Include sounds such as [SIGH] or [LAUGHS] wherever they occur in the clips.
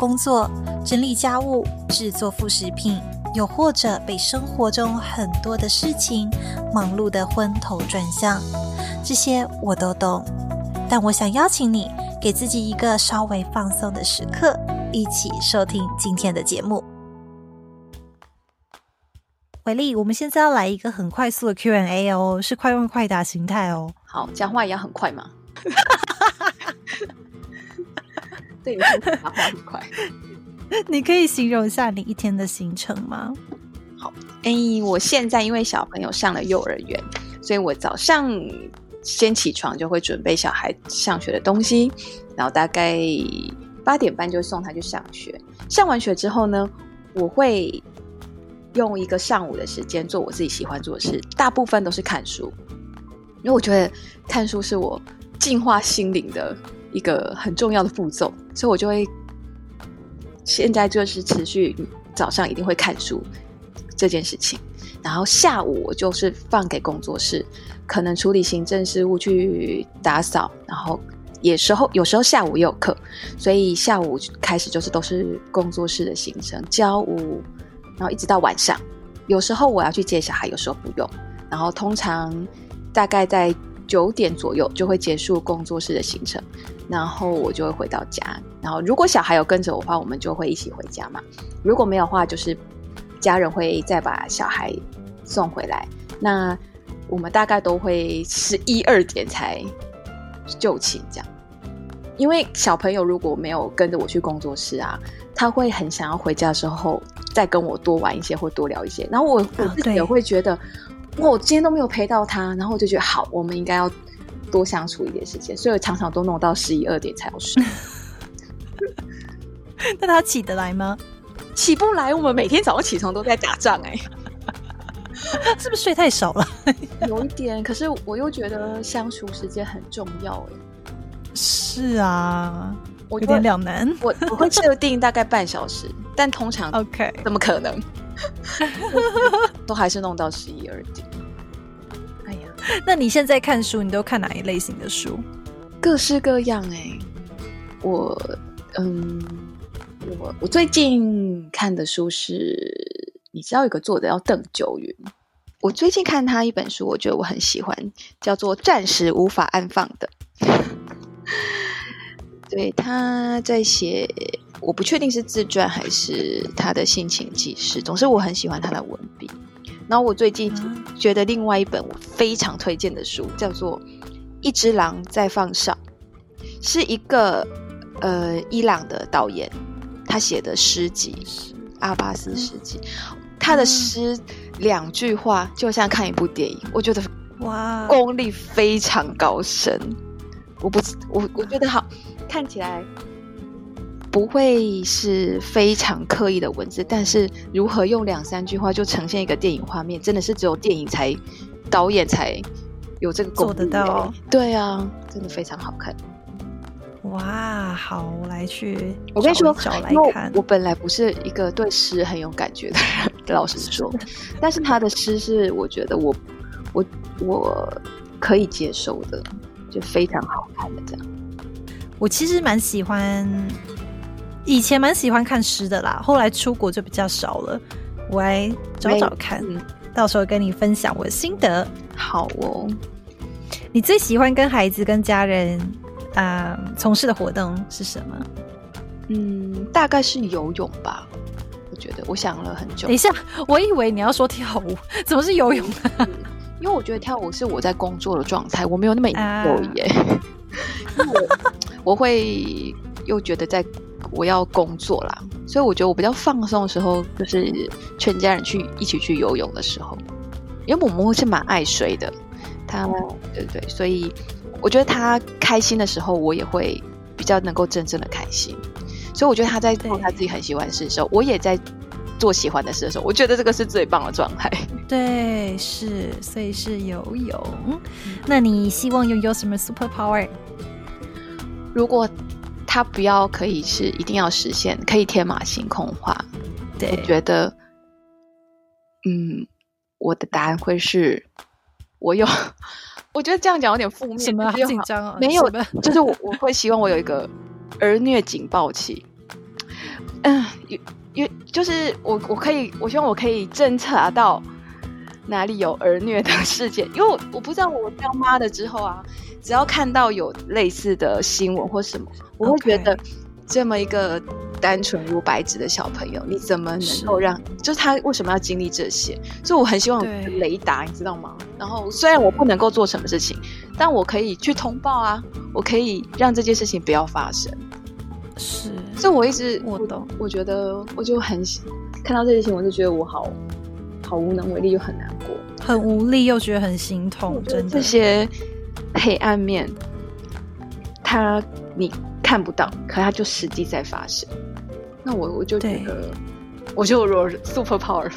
工作、整理家務、製作副食品，又或者被生活中很多的事情忙碌得昏頭轉向，這些我都懂。但我想邀請你，給自己一個稍微放鬆的時刻，一起收聽今天的節目。瑋儷，我們現在要來一個很快速的 Q&A 哦，是快問快答形態哦。好，講話也要很快嘛。 [LAUGHS] [LAUGHS] 對，變快。 [LAUGHS] 你可以形容一下你一天的行程嗎？好，哎、欸，我現在因為小朋友上了幼兒園，所以我早上先起床就會準備小孩上學的東西，然後大概八點半就送他去上學。上完學之後呢，我會用一個上午的時間做我自己喜歡做的事，大部分都是看書，因為我覺得看書是我淨化心靈的。一個很重要的步驟，所以我就會現在就是持續早上一定會看書這件事情，然後下午我就是放給工作室，可能處理行政事務、去打掃，然後也時候有時候下午也有課，所以下午開始就是都是工作室的行程，教舞，然後一直到晚上，有時候我要去接小孩，有時候不用，然後通常大概在。九點左右就會結束工作室的行程，然後我就會回到家。然後如果小孩有跟着我的話，我們就會一起回家嘛。如果沒有的話，就是家人會再把小孩送回來。那我們大概都會十一二點才就寢這樣。因為小朋友如果沒有跟着我去工作室啊，他會很想要回家的時候再跟我多玩一些或多聊一些。然後我我自己也會覺得。哦如果我今天都沒有陪到他，然後我就覺得好，我們應該要多相處一點時間，所以我常常都弄到十一二點才要睡。 [LAUGHS] 那他起得來嗎？起不來，我們每天早上起床都在打仗哎、欸， [LAUGHS] 是不是睡太少了？ [LAUGHS] 有一點，可是我又覺得相處時間很重要哎、欸。是啊，有點兩難。我我，我會設定大概半小時， [LAUGHS] 但通常 OK，怎麼可能？ [LAUGHS] [LAUGHS] 都還是弄到十一二點。哎呀，那你現在看書，你都看哪一類型的書？各式各樣哎、欸。我，嗯，我我最近看的書是，你知道有個作者叫鄧九雲，我最近看他一本書，我覺得我很喜歡，叫做《暫時無法安放的》。 [LAUGHS] [LAUGHS] 對，他在寫。我不確定是自傳還是他的性情記事，總是我很喜歡他的文筆。然後我最近覺得另外一本我非常推薦的書叫做《一隻狼在放哨》，是一個呃伊朗的導演他寫的詩集，是阿巴斯詩集。嗯、他的詩兩、嗯、句話就像看一部電影，我覺得哇，功力非常高深。哇我不，我我覺得好看起來。不會是非常刻意的文字，但是如何用兩三句話就呈現一個電影畫面，真的是只有電影才導演才有這個功力、欸。做得到，對啊，真的非常好看。哇，好，我來去找找來，我跟你說，來看我，我本來不是一個對詩很有感覺的人，老實說， [LAUGHS] 但是他的詩是我覺得我我我可以接受的，就非常好看的這樣。我其實蠻喜歡。以前蠻喜歡看詩的啦，後來出國就比較少了。我來找找看，妓到時候跟你分享我的心得。好哦，你最喜歡跟孩子、跟家人啊、呃、從事的活動是什麼？嗯，大概是游泳吧。我覺得我想了很久。等一下，我以為你要說跳舞，怎麼是游泳呢？啊 [LAUGHS] 嗯？因為我覺得跳舞是我在工作的狀態，我沒有那麼游耶、啊 [LAUGHS] 因為我。我會又覺得在。我要工作啦，所以我覺得我比較放鬆的時候，就是全家人去一起去游泳的時候，因為姆姆是蠻愛水的，他們、哦、對對，所以我覺得他開心的時候，我也會比較能夠真正的開心，所以我覺得他在做他自己很喜歡的事的時候，對我也在做喜歡的事的時候，我覺得這個是最棒的狀態。對，是，所以是游泳。那你希望擁有什麼 super power？如果他不要可以是一定要實現，可以天馬行空化。我對覺得，嗯，我的答案會是，我有，我覺得這樣講有點負面，什麼、啊、好緊張、啊？沒有，是嗎就是我我會希望我有一個兒虐警報器，嗯，因為就是我我可以我希望我可以偵查到。哪裡有兒虐的事件？因為我我不知道，我當媽的之後啊，只要看到有類似的新聞或什麼，我會覺得 Okay. 這麼一個單純如白紙的小朋友，你怎麼能夠讓？是就他為什麼要經歷這些？所以我很希望有雷達，對你知道嗎？然後雖然我不能夠做什麼事情，對但我可以去通報啊，我可以讓這件事情不要發生。是，所以我一直我不懂，我覺得我就很看到這些新聞，就覺得我好好無能為力，就很難。很無力，又覺得很心痛。嗯、真的這些黑暗面，他你看不到，可他就實際在發生。那我我就覺得，對我就如 super power，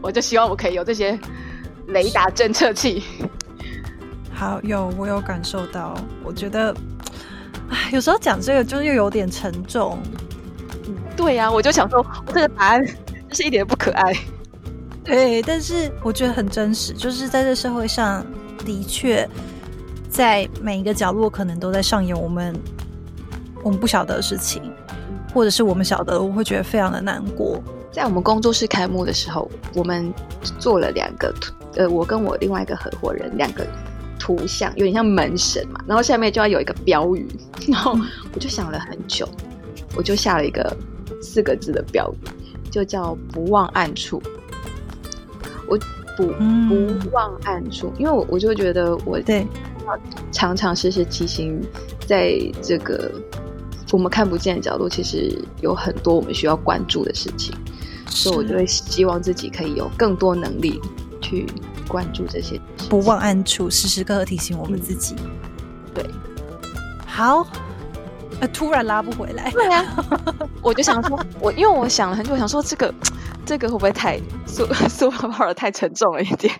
我就希望我可以有這些雷達偵測器。好，有我有感受到，我覺得，唉，有時候講這個就又有點沉重。嗯、對呀、啊，我就想說，我這個答案真是一點不可愛。對，但是我覺得很真實，就是在這社會上的確，在每一個角落可能都在上演我們我們不曉得的事情，或者是我們曉得，我會覺得非常的難過。在我們工作室開幕的時候，我們做了兩個圖，呃，我跟我另外一個合夥人兩個圖像，有點像門神嘛，然後下面就要有一個標語，然後我就想了很久，我就下了一個四個字的標語，就叫不忘暗處。我不不忘暗處，嗯、因為我我就會覺得我對要常常時時提醒，在這個我們看不見的角度，其實有很多我們需要關注的事情，是所以我就會希望自己可以有更多能力去關注這些不忘暗處，時時刻刻提醒我們自己，嗯、對，好。突然拉不回來，對呀、啊，我就想說，我， [LAUGHS] 我因為我想了很久，我想說這個這個會不會太訴訴說的太沉重了一點？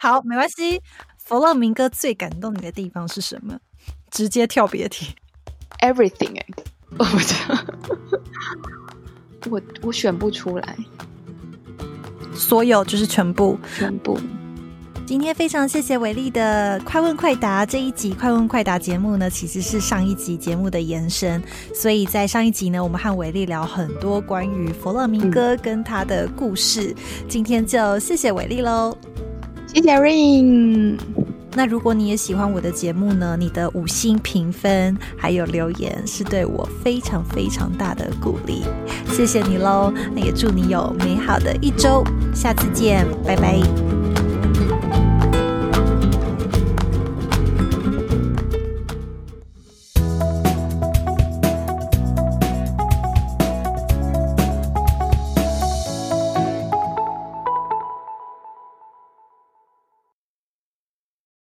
好，沒關係。佛朗明哥最感動你的地方是什麼？直接跳別題。Everything 哎、欸， [LAUGHS] 我我我選不出來。所有就是全部，全部。今天非常謝謝瑋儷的快問快答這一集快問快答節目呢，其實是上一集節目的延伸。所以在上一集呢，我們和瑋儷聊很多關於佛朗明哥跟他的故事。今天就謝謝瑋儷嘍，謝謝 Erin。那如果你也喜歡我的節目呢，你的五星評分還有留言是對我非常非常大的鼓勵，謝謝你嘍。那也祝你有美好的一周，下次見，拜拜。